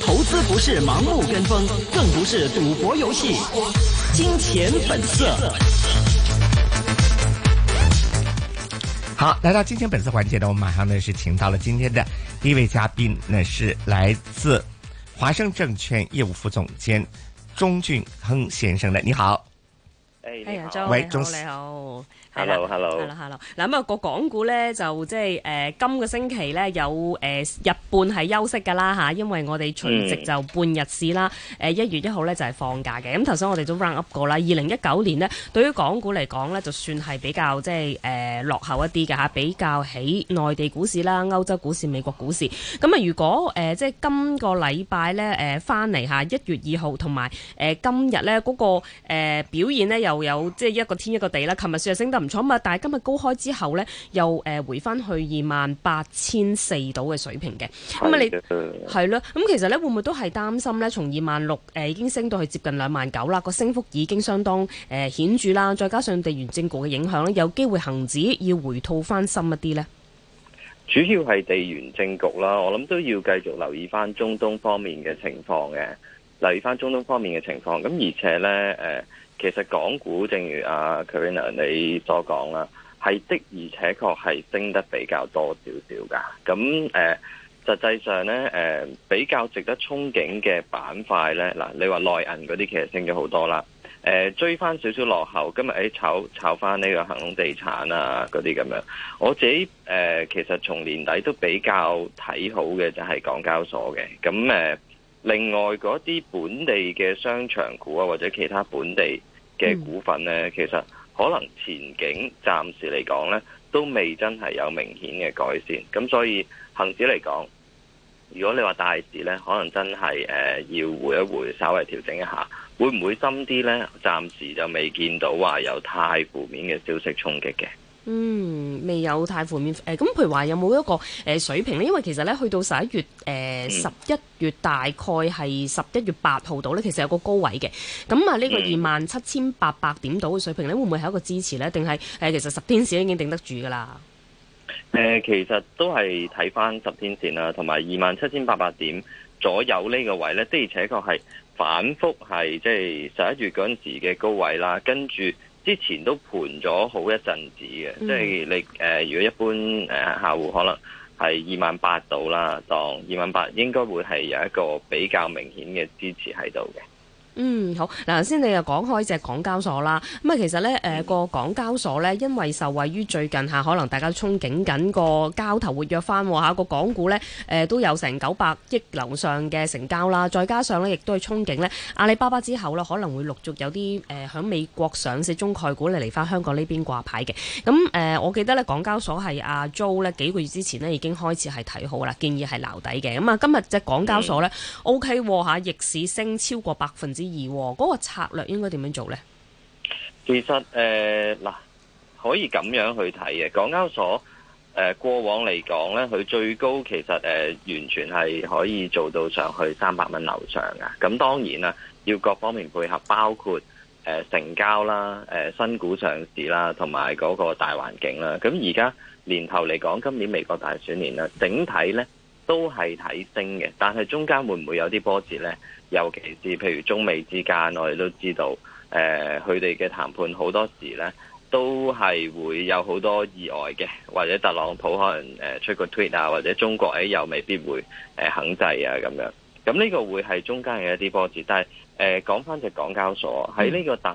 投資不是盲目跟風，更不是賭博遊戲。金錢本色。好，來到今天本次環節呢，我們馬上呢是請到了今天的第一位嘉賓，那是來自華盛證券業務副總監鍾俊鏗先生的。你好，哎，你好，喂，鍾總，你好。中 hello hello，hello hello，嗱咁啊個港股咧就即係、呃、今個星期咧有誒、呃、日半係休息噶啦嚇，因為我哋除夕就半日市啦。誒一、嗯呃、月一號咧就係放假嘅。咁頭先我哋都 round up 過啦。二零一九年呢，對於港股嚟講咧，就算係比較即係誒、呃、落後一啲嘅嚇，比較起內地股市啦、歐洲股市、美國股市。咁啊，如果誒、呃、即係今個禮拜咧返翻嚟嚇一下一月二號同埋誒今日咧嗰、嗰個、呃、表現咧又有即係一個天一個地啦。琴日算係升得。但係今日高開之後呢，又誒回翻去二萬八千四度嘅水平嘅。咁啊的，你係咯，咁的其實呢，會唔會都係擔心呢？從二萬六誒已經升到去接近兩萬九啦，個升幅已經相當誒顯著啦。再加上地緣政局嘅影響呢，有機會恆指要回吐翻深一啲呢。主要係地緣政局啦，我諗都要繼續留意翻中東方面嘅情況嘅，留意翻中東方面嘅情況。咁而且呢。誒、呃。其實港股，正如啊 Carina 你所講啦，係的而且確係升得比較多少少噶。咁誒、呃，實際上咧誒、呃，比較值得憧憬嘅板塊咧，嗱，你話內銀嗰啲其實升咗好多啦。誒、呃，追翻少少落後，今日喺炒炒翻呢個恒隆地產啊嗰啲咁樣。我自己誒、呃，其實從年底都比較睇好嘅就係、是、港交所嘅。咁誒。呃另外嗰啲本地嘅商場股啊，或者其他本地嘅股份呢，嗯、其實可能前景暫時嚟講呢，都未真係有明顯嘅改善。咁所以恒指嚟講，如果你話大市呢，可能真係、呃、要回一回，稍微調整一下，會唔會深啲呢？暫時就未見到話有太負面嘅消息衝擊嘅。嗯，未有太負面、呃、咁譬如話有冇一個、呃、水平呢？因為其實咧，去到十一月、呃嗯、十一月大概係十一月八號度咧，其實有個高位嘅。咁啊，呢個二萬七千八百點度嘅水平咧，嗯、會唔會係一個支持呢？定係、呃、其實十天線已經頂得住噶啦、呃？其實都係睇翻十天線啦，同埋二萬七千八百點左右呢個位呢。的而且確係反覆係即係十一月嗰陣時嘅高位啦，跟住。之前都盤咗好一陣子嘅，嗯、即係你誒、呃，如果一般誒客、呃、戶可能係二萬八到啦，當二萬八應該會係有一個比較明顯嘅支持喺度嘅。嗯，好。嗱，頭先你又講開隻港交所啦。咁啊，其實呢，誒、呃、個港交所呢，因為受惠於最近嚇，可能大家憧憬緊個交投活躍翻喎嚇，個港股呢，呃、都有成九百億樓上嘅成交啦。再加上呢，亦都係憧憬咧，阿里巴巴之後呢可能會陸續有啲誒喺美國上市中概股嚟嚟翻香港呢邊掛牌嘅。咁、嗯呃、我記得呢，港交所係阿 Jo 幾幾個月之前呢已經開始係睇好啦，建議係撈底嘅。咁、嗯、啊，今日隻港交所呢 O K 喎嚇，逆、欸 OK，啊、市升超過百分之。而嗰個策略應該點樣做呢？其實，誒，嗱，可以咁樣去睇嘅，港交所誒、呃，過往嚟講呢，佢最高其實，誒、呃，完全係可以做到上去三百蚊樓上嘅。咁當然啦，要各方面配合，包括誒、呃、成交啦、誒、呃、新股上市啦，同埋嗰個大環境啦。咁而家年頭嚟講，今年美國大選年啦，整體呢都係睇升嘅，但係中間會唔會有啲波折呢？尤其是譬如中美之間，我哋都知道，誒佢哋嘅談判好多時呢，都係會有好多意外嘅，或者特朗普可能誒出個 tweet 啊，或者中國誒又未必會誒肯制啊咁樣。咁呢個會係中間嘅一啲波折。但係誒講翻隻港交所喺呢個大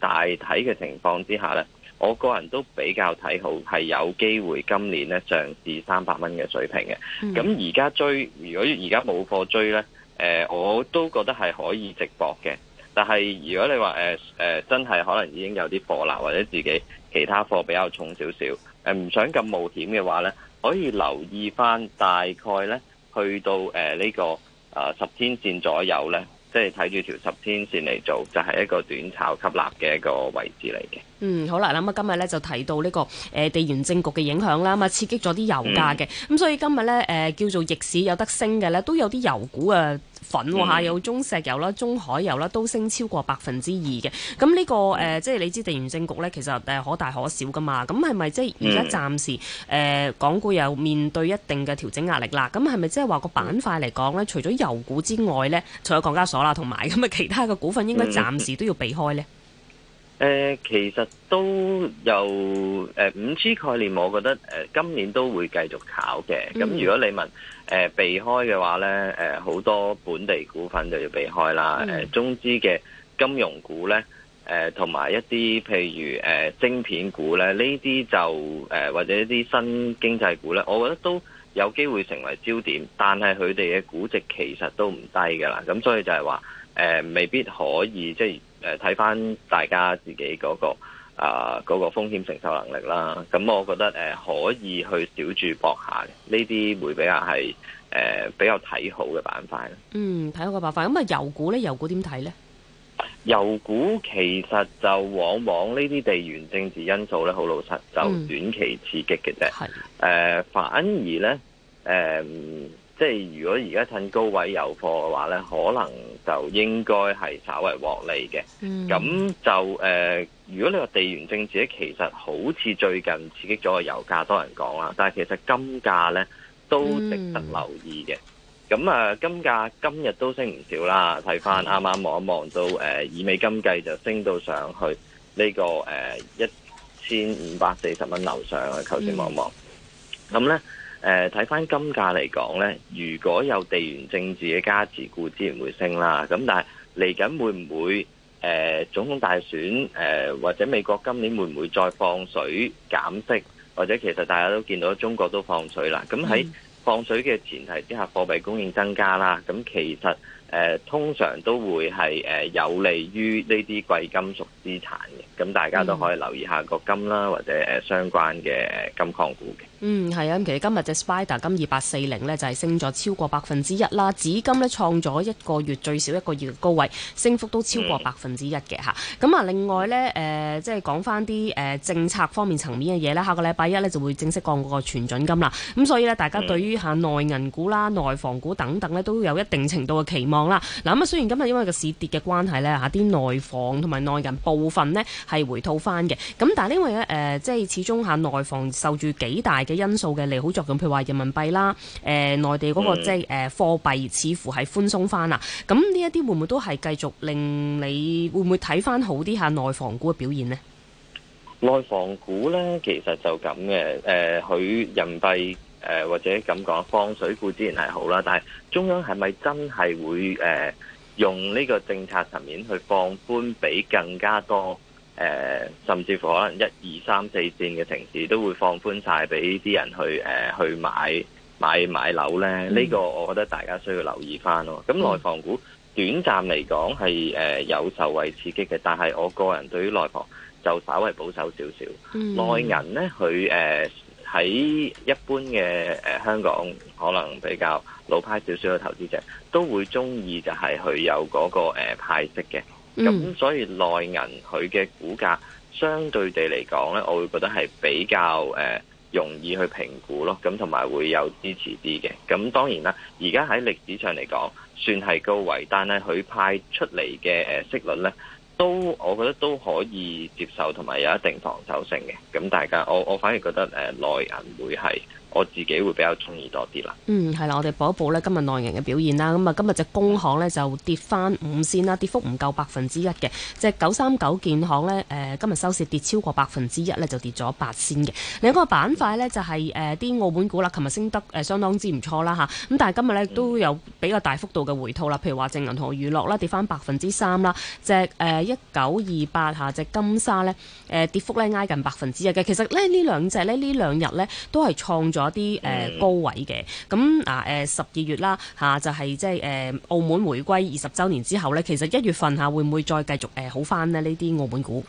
大體嘅情況之下呢。嗯我個人都比較睇好，係有機會今年咧上試三百蚊嘅水平嘅。咁而家追，如果而家冇貨追呢、呃，我都覺得係可以直搏嘅。但係如果你話、呃呃、真係可能已經有啲貨啦，或者自己其他貨比較重少少，唔、呃、想咁冒險嘅話呢，可以留意翻大概呢去到呢、呃呢個啊、呃、十天線左右呢。即係睇住條十天線嚟做，就係、是、一個短炒吸納嘅一個位置嚟嘅。嗯，好啦，咁啊今日咧就睇到呢、這個誒、呃、地緣政局嘅影響啦，咁啊刺激咗啲油價嘅，咁、嗯、所以今日咧誒叫做逆市有得升嘅咧，都有啲油股啊。粉喎、哦、有中石油啦、中海油啦都升超過百分之二嘅。咁呢、呢個誒、呃，即係你知地緣政局咧，其實可大可小噶嘛。咁係咪即係而家暫時、呃、港股又面對一定嘅調整壓力啦？咁係咪即係話個板塊嚟講咧，除咗油股之外咧，除咗港交所啦，同埋咁嘅其他嘅股份應該暫時都要避開咧？呃、其實都有誒五、呃、G 概念，我覺得今年都會繼續炒嘅。咁、嗯、如果你問、呃、避開嘅話咧，誒、呃、好多本地股份就要避開啦。嗯呃、中資嘅金融股咧，誒同埋一啲譬如誒、呃、晶片股咧，呢啲就、呃、或者一啲新經濟股咧，我覺得都有機會成為焦點。但係佢哋嘅估值其實都唔低噶啦。咁所以就係話、呃、未必可以即誒，睇返、呃、大家自己嗰、那個啊、嗰、呃那個風險承受能力啦。咁我覺得誒、呃，可以去少注搏下呢啲會比較係誒、呃、比較睇好嘅板塊。嗯，睇好個板塊。咁、嗯、啊，油股咧，油股點睇咧？油股其實就往往呢啲地緣政治因素咧，好老實就短期刺激嘅啫。係誒、嗯呃，反而咧，誒、呃。即係如果而家趁高位有貨嘅話咧，可能就應該係稍為獲利嘅。咁、嗯、就誒、呃，如果你話地緣政治咧，其實好似最近刺激咗個油價，多人講啦。但係其實金價咧都值得留意嘅。咁啊、嗯，金價今日都升唔少啦。睇翻，啱啱望一望到誒，以美金計就升到上去呢個誒一千五百四十蚊樓上去。頭先望一望，咁咧。誒睇翻金價嚟講呢，如果有地緣政治嘅加持，股自然會升啦。咁但係嚟緊會唔會誒總統大選誒或者美國今年會唔會再放水減息？或者其實大家都見到中國都放水啦。咁喺放水嘅前提之下，貨幣供應增加啦。咁其實。誒、呃，通常都會係誒、呃、有利於呢啲貴金屬資產嘅，咁大家都可以留意一下個金啦，或者誒、呃、相關嘅金礦股嘅。嗯，係啊，其實今日隻 Spider 金二八四零呢，就係、是、升咗超過百分之一啦，紫金呢，創咗一個月最少一個月嘅高位，升幅都超過百分之一嘅吓。咁、嗯、啊，另外呢，誒、呃，即係講翻啲誒政策方面層面嘅嘢咧，下個禮拜一呢就會正式降嗰個存準金啦。咁所以呢，大家對於一下內銀股啦、內房股等等呢，都有一定程度嘅期望。講啦，嗱咁啊，雖然今日因為個市跌嘅關係咧，吓啲內房同埋內銀部分咧係回吐翻嘅，咁但係因為咧，誒、呃，即係始終吓內房受住幾大嘅因素嘅利好作用，譬如話人民幣啦，誒、呃，內地嗰、那個、嗯、即係誒貨幣似乎係寬鬆翻啦，咁呢一啲會唔會都係繼續令你會唔會睇翻好啲吓內房股嘅表現呢？內房股咧其實就咁嘅，誒、呃，佢人民幣。誒或者咁講，放水股固然係好啦，但係中央係咪真係會誒、呃、用呢個政策層面去放寬俾更加多誒、呃，甚至乎可能一二三四線嘅城市都會放寬晒俾啲人去誒、呃、去買買買樓咧？呢、嗯、個我覺得大家需要留意翻咯。咁內房股短暫嚟講係誒、呃、有受惠刺激嘅，但係我個人對於內房就稍微保守少少。內銀咧佢誒。喺一般嘅誒、呃、香港，可能比較老派少少嘅投資者，都會中意就係佢有、嗰個、呃、派息嘅。咁、嗯、所以內銀佢嘅股價相對地嚟講呢，我會覺得係比較誒、呃、容易去評估咯。咁同埋會有支持啲嘅。咁當然啦，而家喺歷史上嚟講算係高位，但係佢派出嚟嘅誒息率呢。都，我覺得都可以接受，同埋有一定防守性嘅。咁大家，我我反而覺得誒、呃、內銀會係。我自己會比較鍾意多啲啦。嗯，係啦，我哋補一補呢。今日內銀嘅表現啦。咁啊，今日隻工行呢，就跌返五仙啦，跌幅唔夠百分之一嘅。隻九三九建行呢，呃、今日收市跌超過百分之一呢，就跌咗八仙嘅。另一個板塊呢，就係、是、啲、呃、澳門股啦，琴日升得、呃、相當之唔錯啦吓，咁、啊、但係今日呢，嗯、都有比較大幅度嘅回吐啦，譬如話隻銀河娛樂啦，跌返百分之三啦。隻一九二八吓隻金沙呢、呃，跌幅呢，挨近百分之一嘅。其實呢兩隻呢，呢兩日呢，都係創造咗啲誒高位嘅，咁啊誒十二月啦嚇，就係即係誒澳門回歸二十週年之後咧，其實一月份嚇會唔會再繼續誒好翻咧？呢啲澳門股，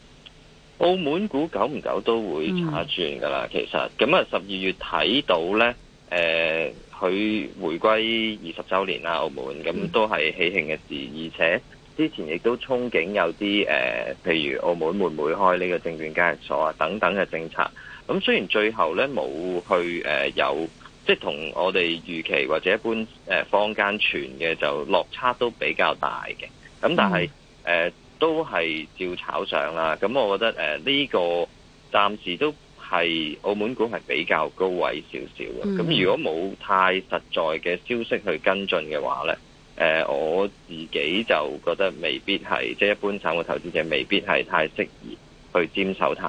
澳門股久唔久都會查轉噶啦。嗯、其實咁啊，十二月睇到咧誒，佢回歸二十週年啦，澳門咁都係喜慶嘅事，而且。之前亦都憧憬有啲誒、呃、譬如澳門會唔會開呢個證券交易所啊等等嘅政策。咁雖然最後咧冇去誒、呃、有，即係同我哋預期或者一般誒坊間傳嘅就落差都比較大嘅。咁但係誒、嗯呃、都係照炒上啦。咁我覺得誒呢、呃，這個暫時都係澳門股係比較高位少少嘅。咁如果冇太實在嘅消息去跟進嘅話咧。誒，我自己就覺得未必係，即、就、係、是、一般散戶投資者未必係太適宜去沾手太